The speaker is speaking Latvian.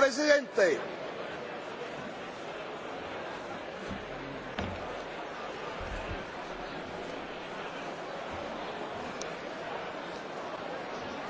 presidente.